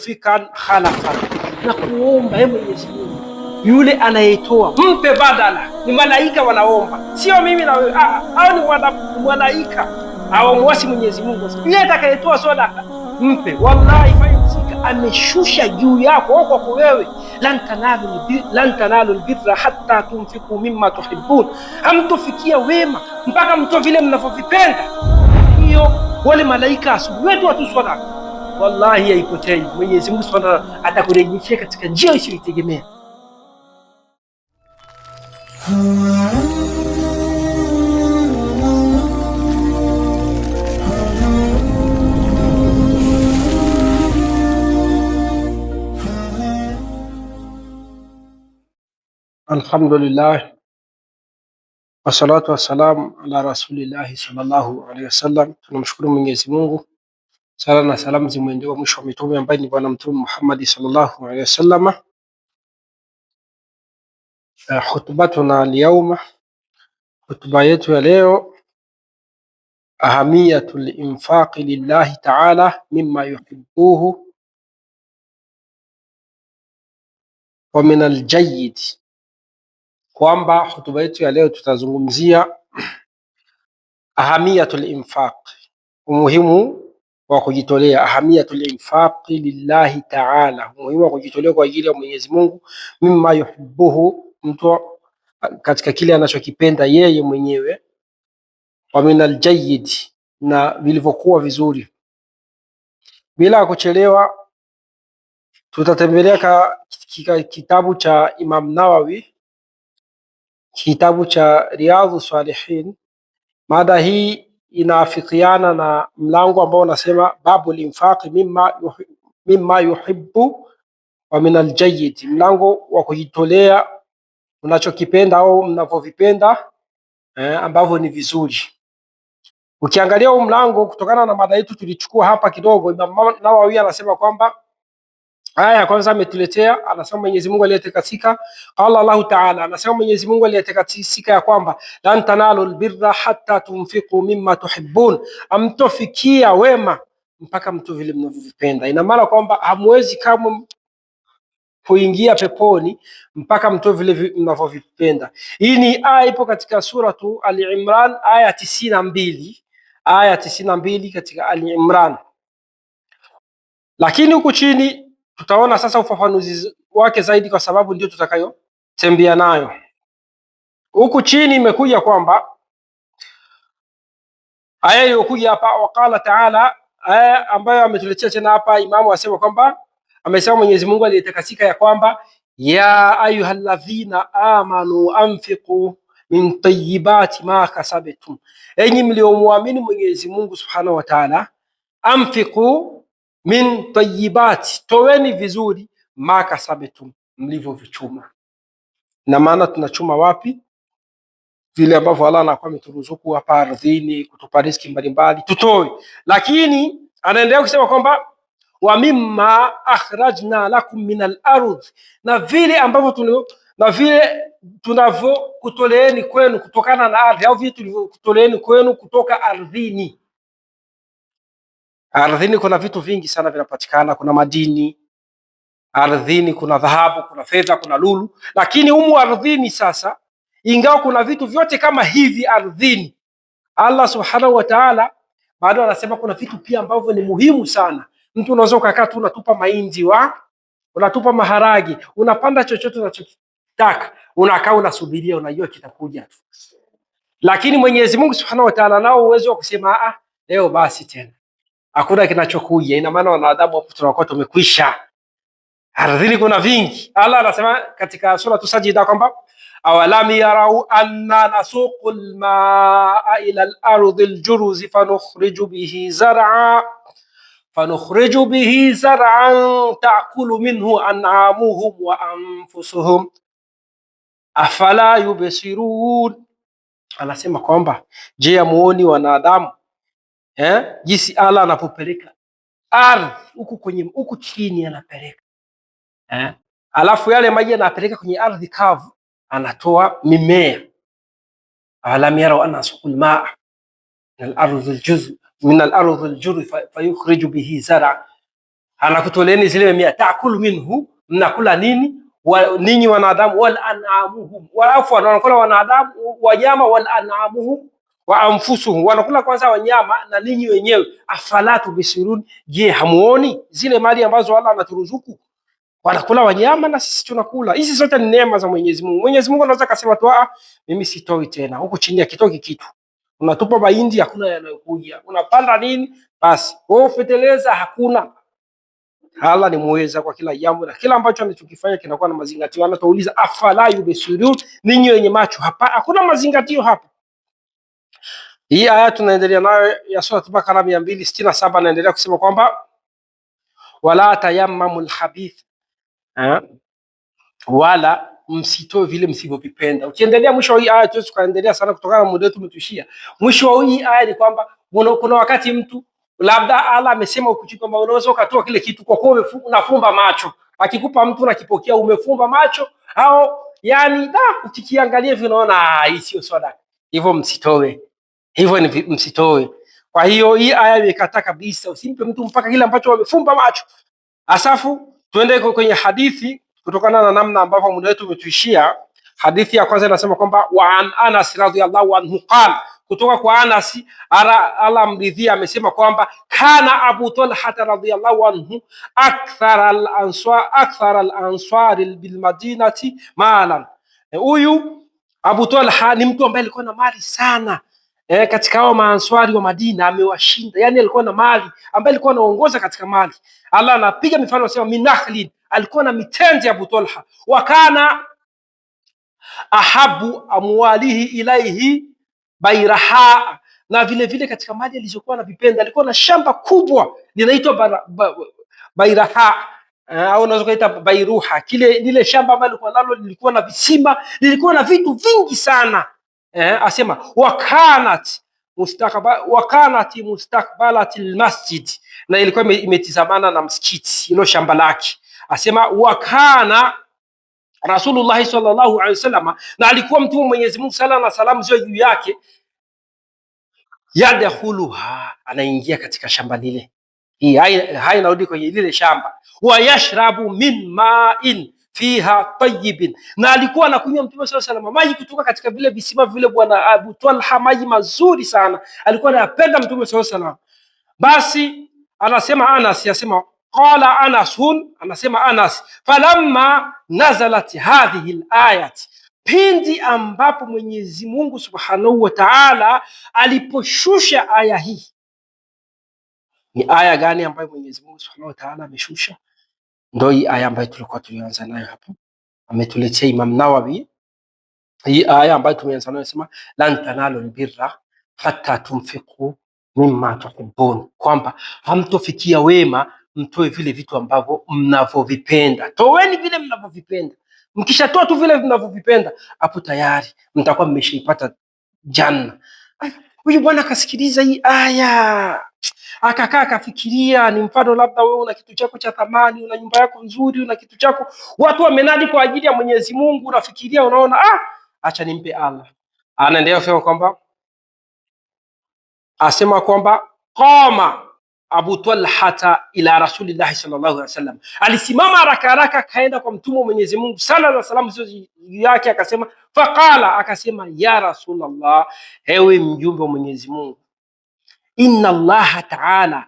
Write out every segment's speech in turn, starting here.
kufika khalaqan, na kuomba Ee Mwenyezi Mungu yule anayetoa mpe badala. Ni malaika wanaomba, sio mimi na wewe. Ah, ah, hao ni malaika hawamwasi Mwenyezi Mungu. Yule atakayetoa sadaka mpe, wallahi faizika ameshusha juu yako kwa wewe. Lan tanalu lbirra hatta tunfiku mimma tuhibbun, hamtofikia wema mpaka mtoe vile mnavyovipenda. Hiyo wale malaika asubuhi wetu watu sadaka Wallahi haipotei. Mwenyezi Mungu Subhanahu atakurejeshea katika njia usiyoitegemea. Alhamdulillah wassalatu wassalamu ala rasulillahi sallallahu alaihi wasallam. Tunamshukuru Mwenyezi Mungu Sala na salamu zimwendee mwisho wa mitume ambaye ni Bwana Mtume Muhammad sallallahu alaihi wasallam. Hutubatuna alyauma, hutuba yetu ya leo, ahamiyatu linfaqi lillahi taala mima yuhibbuhu wa min aljayid, kwamba hutuba yetu ya leo tutazungumzia ahamiyatu linfaq umuhimu wa kujitolea, ahamiyatul infaqi lillahi ta'ala, umuhimu wa kujitolea kwa ajili ya Mwenyezi Mungu, mima yuhibbuhu, mtu katika kile anachokipenda yeye mwenyewe, wa min aljayyid, na vilivyokuwa vizuri. Bila kuchelewa, tutatembelea ka, kitabu cha Imam Nawawi, kitabu cha Riyadhus Salihin. Mada hii inaafikiana na mlango ambao unasema babu linfaqi mimma, yuhi, mimma yuhibbu wa min aljayyid, mlango wa kujitolea unachokipenda au mnavyovipenda eh, ambavyo ni vizuri. Ukiangalia huu mlango kutokana na mada yetu tulichukua hapa kidogo, Imam Nawawi anasema kwamba Aya ya kwanza ametuletea, anasema Mwenyezi Mungu aliyetakasika. Qala Allahu Ta'ala, anasema Mwenyezi Mungu aliyetakasika ya kwamba lan tanalu albirra hatta tunfiqu mimma tuhibbun, amtofikia wema mpaka mtu vile mnavyovipenda. Ina maana kwamba hamwezi kama kuingia peponi mpaka mtu vile mnavyovipenda. Hii ni aya ipo katika suratu Al-Imran aya tisini na mbili aya tisini na mbili katika Al-Imran, lakini huku chini Tutaona sasa ufafanuzi wake zaidi, kwa sababu ndio tutakayotembea nayo. Huku chini imekuja kwamba aya iliyokuja hapa, waqala taala, aya ambayo ametuletea tena hapa imamu, asema kwamba amesema Mwenyezi Mungu aliyetakasika ya kwamba ya ayuhalladhina amanu anfiqu min tayyibati ma kasabtum, enyi mliomwamini Mwenyezi Mungu subhanahu wa taala, anfiqu min tayyibati, toweni vizuri, makasabetum, mlivyovichuma. Na maana tunachuma wapi? Vile ambavyo Allah anakuwa ameturuzuku hapa ardhini, kutupa riziki mbalimbali, tutoe. Lakini anaendelea kusema kwamba wa mimma akhrajna lakum min al-ardh, na vile ambavyo na vile tunavyokutoleeni kwenu kutokana na ardhi, au vile tulivyokutoleeni kwenu kutoka ardhini Ardhini kuna vitu vingi sana vinapatikana, kuna madini ardhini, kuna dhahabu, kuna fedha, kuna lulu. Lakini humu ardhini sasa, ingawa kuna vitu vyote kama hivi ardhini, Allah subhanahu wa ta'ala bado anasema kuna vitu pia ambavyo ni muhimu sana. Mtu unaweza ukakaa tu unatupa mahindi wa unatupa maharagi, unapanda chochote unachotaka, unakaa unasubiria, unajua kitakuja tu. Lakini Mwenyezi Mungu subhanahu wa ta'ala nao uwezo wa kusema ah, leo basi tena hakuna kinachokuja. Ina maana wanadamu hapo tunakuwa tumekwisha. Ardhini kuna vingi. Allah anasema katika sura Sajida kwamba awalam yarau anna nasuqu lmaa ila lardi ljuruzi fanukhriju bihi zara fanukhriju bihi zaran takulu minhu an'amuhum wa anfusuhum afala yubsirun. Anasema kwamba je, amuoni wanadamu eh, jinsi Allah anapopeleka ardhi huku kwenye huku chini anapeleka eh, alafu yale maji anapeleka kwenye ardhi kavu, anatoa mimea. alam yarau anna nasqul maa min al-ardhi al-jurri fayukhriju bihi zar'a, anakutoleni zile mimea taakulu minhu, mnakula nini wa, ninyi wanadamu, wal an'amuhum, walafu wanakula wanadamu wanyama, wal an'amuhum wa anfusuhum, wanakula kwanza wanyama na ninyi wenyewe. Afala tubisirun, je, hamuoni zile mali ambazo Allah anaturuzuku? Wanakula wanyama na sisi tunakula. Hizi zote ni neema za Mwenyezi Mungu. Mwenyezi Mungu anaweza kusema tu, ah, mimi sitoi tena. Huko chini akitoki kitu unatupa mahindi, hakuna yanayokuja. Unapanda nini? Basi wewe ufeteleza, hakuna Allah ni muweza kwa kila jambo na kila ambacho anachokifanya kinakuwa na mazingatio. Anatauliza afala yubesirun, ninyi wenye macho hapa. Hakuna mazingatio hapa. Hii aya tunaendelea nayo ya sura Bakara mia mbili sitini na saba naendelea kusema kwamba wala tayammamu lhabith, wala msitoe vile msivyovipenda. Ukiendelea mwisho wa hii aya, tuwezi tukaendelea sana kutokana na muda wetu umetushia. Mwisho wa hii aya ni kwamba kuna wakati mtu labda Allah amesema kwamba unaweza ukatoa kile kitu kwa kuwa unafumba macho, akikupa mtu unakipokea umefumba macho, au yani da ukikiangalia hivi unaona ah, hii sio sadaka hivyo msitoe, hivyo ni msitoe. Kwa hiyo hii aya imekataa kabisa, usimpe mtu mpaka kile ambacho wamefumba macho. Asafu tuende kwenye hadithi, kutokana na namna ambavyo muda wetu umetuishia. Hadithi ya kwanza inasema kwamba wa an Anas radhiallahu anhu qala, kutoka kwa Anas ala mridhia amesema kwamba kana Abu Talha radhiallahu anhu akthara al ansar akthara al-ansar bil madinati malan, e, huyu Abu Talha ni mtu ambaye alikuwa na mali sana eh, katika hao maanswari wa Madina amewashinda, yani alikuwa na mali ambaye alikuwa anaongoza katika mali. Allah anapiga mifano asema minakhlin, alikuwa na mitenzi Abu Talha, wakana ahabu amwalihi ilaihi bairaha na vile vile katika mali alizokuwa anavipenda alikuwa na shamba kubwa linaitwa Bairaha uh, au unaweza kuita Bairuha. Kile lile shamba ambalo lilikuwa nalo lilikuwa na visima, lilikuwa na vitu vingi sana eh, asema wakanat mustakba, wakanat mustakbalati almasjid, na ilikuwa imetizamana na msikiti, ilo shamba lake. Asema wakana Rasulullahi sallallahu alaihi wasallam, na alikuwa mtume Mwenyezi Mungu sala na salamu zio juu yake, yadkhuluha, anaingia katika shamba lile hii hai inarudi kwenye lile shamba. wayashrabu min ma'in fiha tayyibin, na alikuwa anakunywa Mtume sallallahu alaihi wasallam maji kutoka katika vile visima vile, bwana Abu Talha, maji mazuri sana, alikuwa anayapenda Mtume sallallahu alaihi wasallam. Basi anasema Anas, yasema qala Anasun, anasema Anas, falamma nazalat hadhihi alayat, pindi ambapo Mwenyezi Mungu subhanahu wa ta'ala aliposhusha aya hii ni aya gani ambayo Mwenyezi Mungu Subhanahu wa Ta'ala ameshusha? Ndio hii aya ambayo tulikuwa tulianza nayo hapo, ametuletea Imam Nawawi hii aya ambayo tumeanza nayo, sema lan tanalu albirra hatta tunfiqu mimma tuhibbun, kwamba hamtofikia wema mtoe vile vitu ambavyo mnavyovipenda. Toweni vile mnavyovipenda, mkishatoa tu vile mnavyovipenda, hapo tayari mtakuwa mmeshaipata janna. Huyu bwana kasikiliza hii aya akakaa akafikiria. Ni mfano labda wewe una kitu chako cha thamani, una nyumba yako nzuri, una kitu chako, watu wamenadi kwa ajili ya Mwenyezi Mungu, unafikiria, unaona ah, acha nimpe Allah. Anaendelea kusema kwamba asema kwamba qama Abu Talhata ila Rasulillahi sallallahu alaihi wasallam, alisimama haraka haraka akaenda kwa mtume wa Mwenyezi Mungu sala na salamu zio juu yake, akasema faqala, akasema ya Rasulullah, ewe mjumbe wa Mwenyezi Mungu inna Allaha taala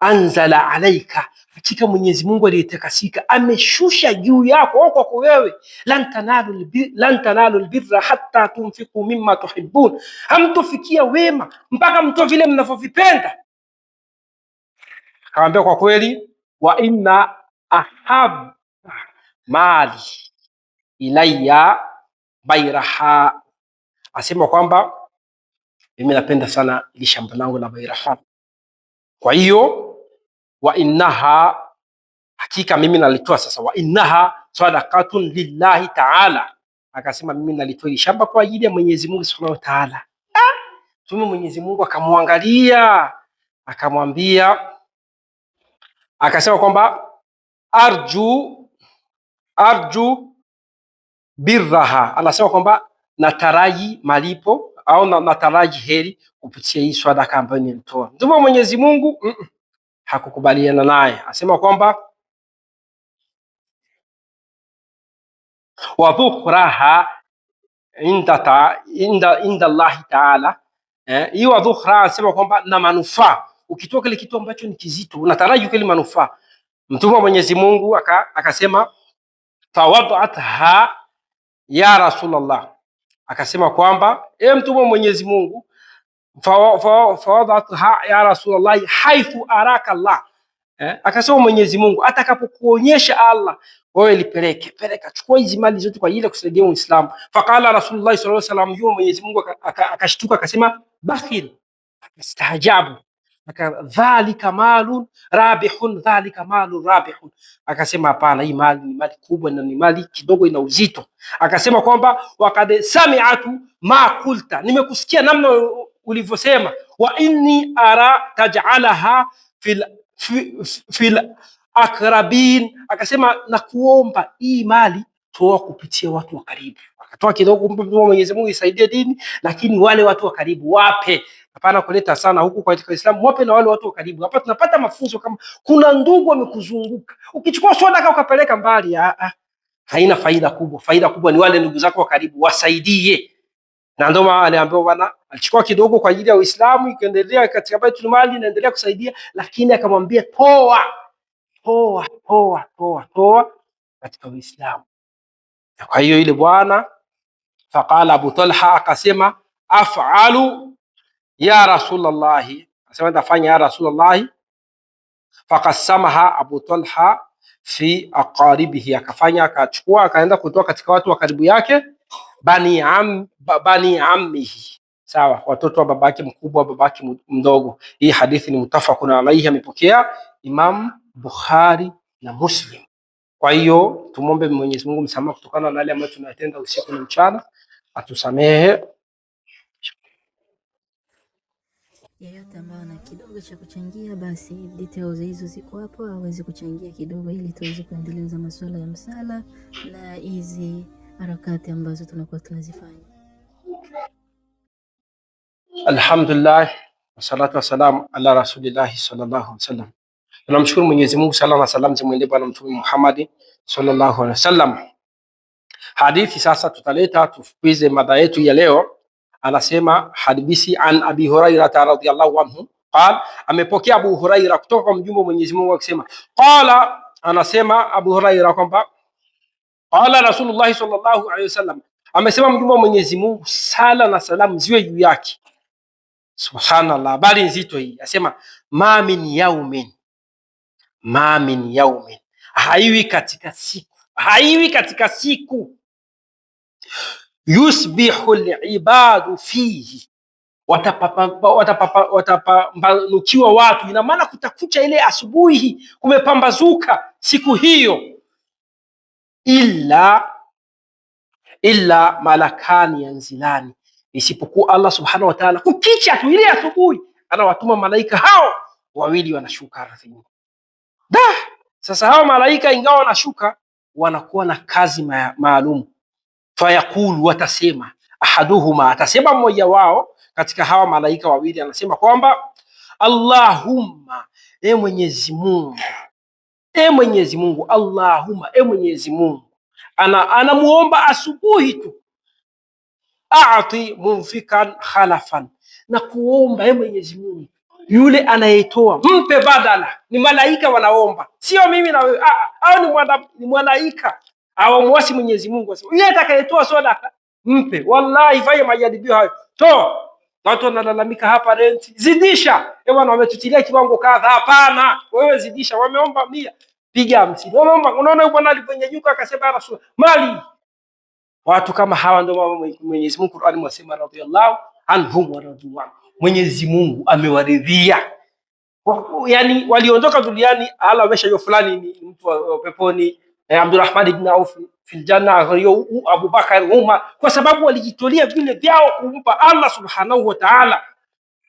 anzala alaika, hakika Mwenyezi Mungu aliyetakasika ameshusha juu yako kwako wewe, lan tanalu lan tanalu hatta tunfiqu mimma tuhibbun, hamtofikia wema mpaka mtoe vile mnavyovipenda. Akawaambia kwa kweli, wa inna ahab mali ilayya bairaha, asema kwamba mimi napenda sana ili shamba langu la bairaha Kwa hiyo wa innaha, hakika mimi nalitoa sasa, wa innaha sadaqatun lillahi ta'ala, akasema mimi nalitoa ili shamba kwa ajili ya Mwenyezi Mungu Subhanahu wa Ta'ala. Ah! tume Mwenyezi Mungu akamwangalia akamwambia, akasema kwamba arju arju birraha, anasema kwamba nataraji malipo au na nataraji heri kupitia hii swada ambayo nilitoa. Ndivyo Mwenyezi Mungu mm -mm, hakukubaliana naye, asema kwamba wadhuhraha inda ta, inda, inda llahi taala eh, hii wadhuhraha asema kwamba na manufaa. Ukitoa kile kitu ambacho ni kizito unataraji kile manufaa, mtume wa Mwenyezi Mungu akasema aka fawad'atha ya Rasulullah akasema kwamba e, mtume Mwenyezi Mungu, fawadhatha ya Rasulullah haithu araka Allah eh, akasema Mwenyezi Mungu atakapokuonyesha Allah wewe lipeleke peleka, chukua hizi mali zote kwa ajili ya kusaidia Uislamu. Faqala Rasulullah sallallahu alaihi wasallam, yule Mwenyezi Mungu akashtuka akasema bakhil, akastaajabu dhalika malun rabihun, dhalika malun rabihun. Akasema hapana, hii mali ni mali kubwa na ni mali kidogo, ina uzito. Akasema kwamba wakad sami'atu ma qulta, nimekusikia namna ulivyosema, wa inni ara taj'alaha fil, fil, fil akrabin. Akasema nakuomba hii mali toa kupitia watu wa karibu. Akatoa kidogo, Mwenyezi Mungu isaidie dini, lakini wale watu wa karibu wape hapana kuleta sana huku kwa katika Uislamu, wape na wale watu wa karibu. Hapa tunapata mafunzo kama kuna ndugu wamekuzunguka, ukichukua sadaka ukapeleka mbali, ah, ah, haina faida kubwa. Faida kubwa ni wale ndugu zako wa karibu, wasaidie. Na ndio maana aliambiwa bwana, alichukua kidogo kwa ajili ya Uislamu, ikaendelea katika Baitul Mali, inaendelea kusaidia, lakini akamwambia toa, toa, toa, toa, toa katika Uislamu. Kwa hiyo ile bwana faqala Abu Talha akasema afalu ya Rasulullahi, asema nitafanya ya Rasulullahi. Fakasamaha Abu Talha fi aqaribihi, akafanya akachukua akaenda kutoa katika watu wa karibu yake, bani am, bani ammihi, sawa, watoto wa babake mkubwa, babake mdogo. Hii hadithi ni mutafakun alaihi, amepokea Imam Bukhari na Muslim. Kwa hiyo tumombe Mwenyezi Mungu msamaha kutokana na yale ambayo tunayatenda usiku na mchana, atusamehe. yeyote ambayo ana kidogo cha kuchangia, basi details hizo ziko hapo, aweze kuchangia kidogo ili tuweze kuendeleza masuala ya msala na hizi harakati ambazo tunakuwa tunazifanya. Alhamdulillah, wassalatu wassalamu ala rasulillahi sallallahu alaihi wasallam. Tunamshukuru Mwenyezi Mungu, sala na salamu zimwendee Bwana Mtume Muhammad sallallahu alaihi wasallam. Hadithi sasa tutaleta, tufukize mada yetu ya leo anasema hadithi an Abi Hurairata radhiyallahu anhu qal, amepokea Abu Huraira kutoka kwa mjumbe wa Mwenyezi Mungu akisema, qala, anasema Abu Huraira kwamba qala Rasulullah sallallahu alaihi wasallam, amesema mjumbe wa Mwenyezi Mungu, sala na salamu ziwe juu yake. Subhanallah, habari nzito hii. Asema ma min yaumin, ma min yaumin, haiwi katika siku, haiwi katika siku yusbihu libadu fihi, watapambanukiwa watapa, watapa, watu. Ina maana kutakucha ile asubuhi kumepambazuka siku hiyo, illa illa malakani yanzilani, isipokuwa Allah subhanahu wa ta'ala kukicha tu ile asubuhi anawatuma malaika hao wawili wanashuka ardhini. Da, sasa hao malaika ingawa wanashuka wanakuwa na kazi maalum fayaqulu, watasema ahaduhuma, atasema mmoja wao katika hawa malaika wawili, anasema kwamba Allahumma, e Mwenyezi Mungu, e Mwenyezi Mungu, Allahumma, e Mwenyezi Mungu. Ana anamuomba asubuhi tu, a'ti munfikan khalafan, na kuomba e Mwenyezi Mungu yule anayetoa mpe badala. Ni malaika wanaomba, sio mimi na wewe, au ni mwanaika awamwasi Mwenyezi Mungu, asema yeye atakayetoa sadaka mpe, wallahi fanya majaribio hayo, toa Watu wanalalamika hapa, renti zidisha, e bwana, wametutilia kiwango kadha. Hapana, wewe zidisha. Wameomba mia, piga hamsini. Wameomba, unaona bwana aliponyanyuka akasema ya Rasul mali. Watu kama hawa ndio Mwenyezi Mungu Qur'ani mwasema, radhiyallahu anhum wa radu Mwenyezi Mungu amewaridhia. Yani waliondoka duniani, ala wamesha hiyo fulani ni mtu wa peponi eh, Abdurrahman ibn Auf fil janna ghayyu Abubakar Umar, kwa sababu walijitolea vile vyao kumpa Allah subhanahu wa ta'ala.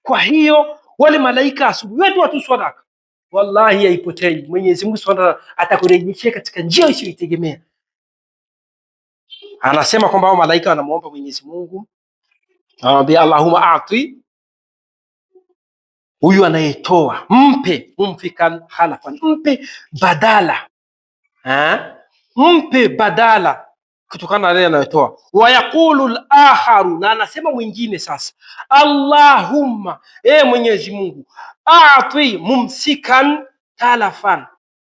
Kwa hiyo wale malaika asubuhi wetu watu sadaka, wallahi haipotei. Mwenyezi Mungu Subhanahu atakurejeshia katika njia isiyoitegemea. Anasema kwamba hao malaika wanamuomba Mwenyezi Mungu, anamwambia Allahumma ati huyu anayetoa mpe mumfikan halafan, mpe badala Eh? mpe badala kutokana na yale anayotoa. Wayaqulu al na anasema mwingine sasa, Allahumma, e Mwenyezi Mungu, ati mumsikan talafan,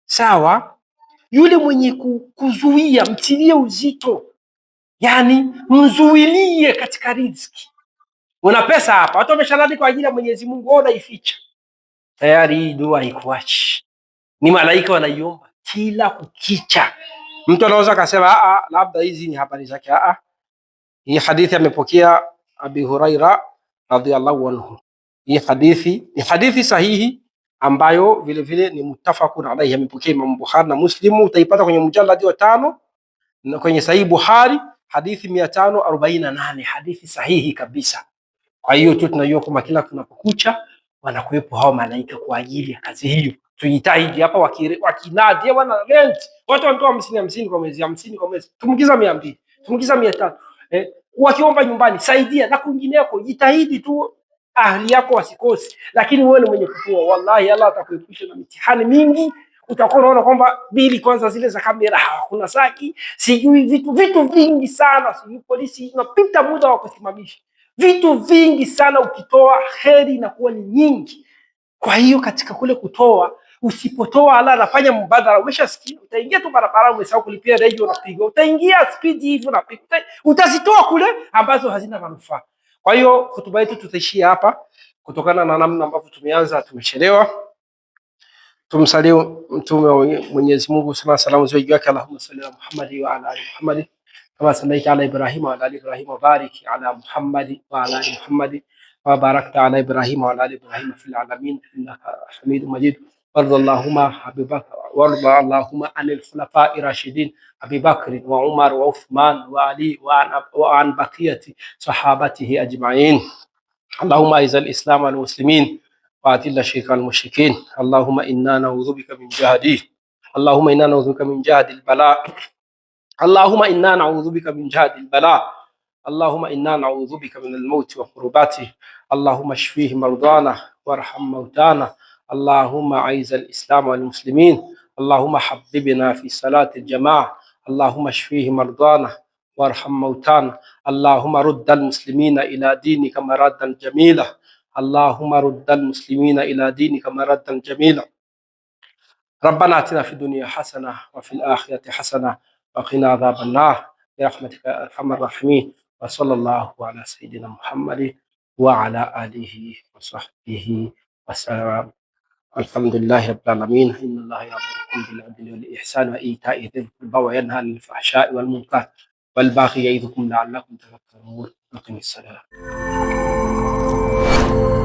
sawa, yule mwenye kuzuia mtilie uzito, yani mzuilie katika riziki. Una pesa hapa, watu wameshalali kwa ajili ya Mwenyezi Mungu, wao naificha tayari. Hii dua haikuachi, ni malaika wanaiomba kila kukicha. Mtu anaweza akasema a, ah, ah, labda hizi ni habari zake. A, ah, hii hadithi amepokea Abi Huraira radhiallahu anhu. Hii hadithi ni hadithi sahihi ambayo vile vile ni muttafaqun alayhi, amepokea Imam Bukhari na Muslim. Utaipata kwenye mjaladi wa tano na kwenye Sahihi Bukhari hadithi 548 hadithi sahihi kabisa. Kwa hiyo tu tunajua kwamba kila tunapokucha wanakuwepo hao malaika kwa ajili ya kazi hiyo. Tujitahidi hapa, wakinadi eh, wana rent, watu wanatoa hamsini hamsini kwa mwezi, hamsini kwa mwezi, tumkiza mia mbili tumkiza mia tatu eh, wakiomba nyumbani saidia na kwingineko, jitahidi tu ahli yako wasikosi, lakini wewe ni mwenye kutoa. Wallahi Allah atakuepusha na mitihani mingi. Utakuwa unaona kwamba bili kwanza zile za kamera hakuna saki, sijui vitu vitu vingi sana, sijui polisi unapita muda wa kusimamisha Vitu vingi sana ukitoa heri inakuwa ni nyingi. Kwa hiyo katika kule kutoa, usipotoa ala anafanya mbadala. Umeshasikia, utaingia tu barabara, umesahau kulipia redio, unapigwa. utaingia spidi hivyo, unapiga, utazitoa kule ambazo hazina manufaa. Kwa hiyo hotuba yetu tutaishia hapa, kutokana na namna ambavyo tumeanza, tumechelewa. Tumsalie Mtume wa Mwenyezi Mungu sana, salamu ziwe juu yake, Allahumma salli ala Muhammad wa ala ali Muhammad. كما صليت على إبراهيم وعلى آل إبراهيم وبارك على محمد وعلى آل محمد وباركت على إبراهيم وعلى آل إبراهيم في العالمين إنك حميد مجيد وارض اللهم أبي بكر وارض اللهم عن الخلفاء الراشدين أبي بكر وعمر وعثمان وعلي وعن, وعن بقية صحابته أجمعين اللهم أعز الإسلام والمسلمين وأذل الشرك والمشركين اللهم إنا نعوذ بك من جهدي اللهم إنا نعوذ بك من جهد البلاء اللهم إنا نعوذ بك من جهاد البلاء اللهم إنا نعوذ بك من الموت وقرباته اللهم اشفيه مرضانا وارحم موتانا اللهم أعز الإسلام والمسلمين اللهم حببنا في صلاة الجماعة اللهم اشفيه مرضانا وارحم موتانا اللهم رد المسلمين إلى دينك مردا جميلا اللهم رد المسلمين إلى دينك مردا جميلا ربنا اتنا في الدنيا حسنة وفي الآخرة حسنة وقنا عذاب النار برحمتك ارحم الراحمين وصلى الله على سيدنا محمد وعلى اله وصحبه وسلم الحمد لله رب العالمين ان الله يامركم بالعدل والاحسان وايتاء ذي القربى وينهى عن الفحشاء والمنكر والباقي يعظكم لعلكم تذكرون اقم الصلاه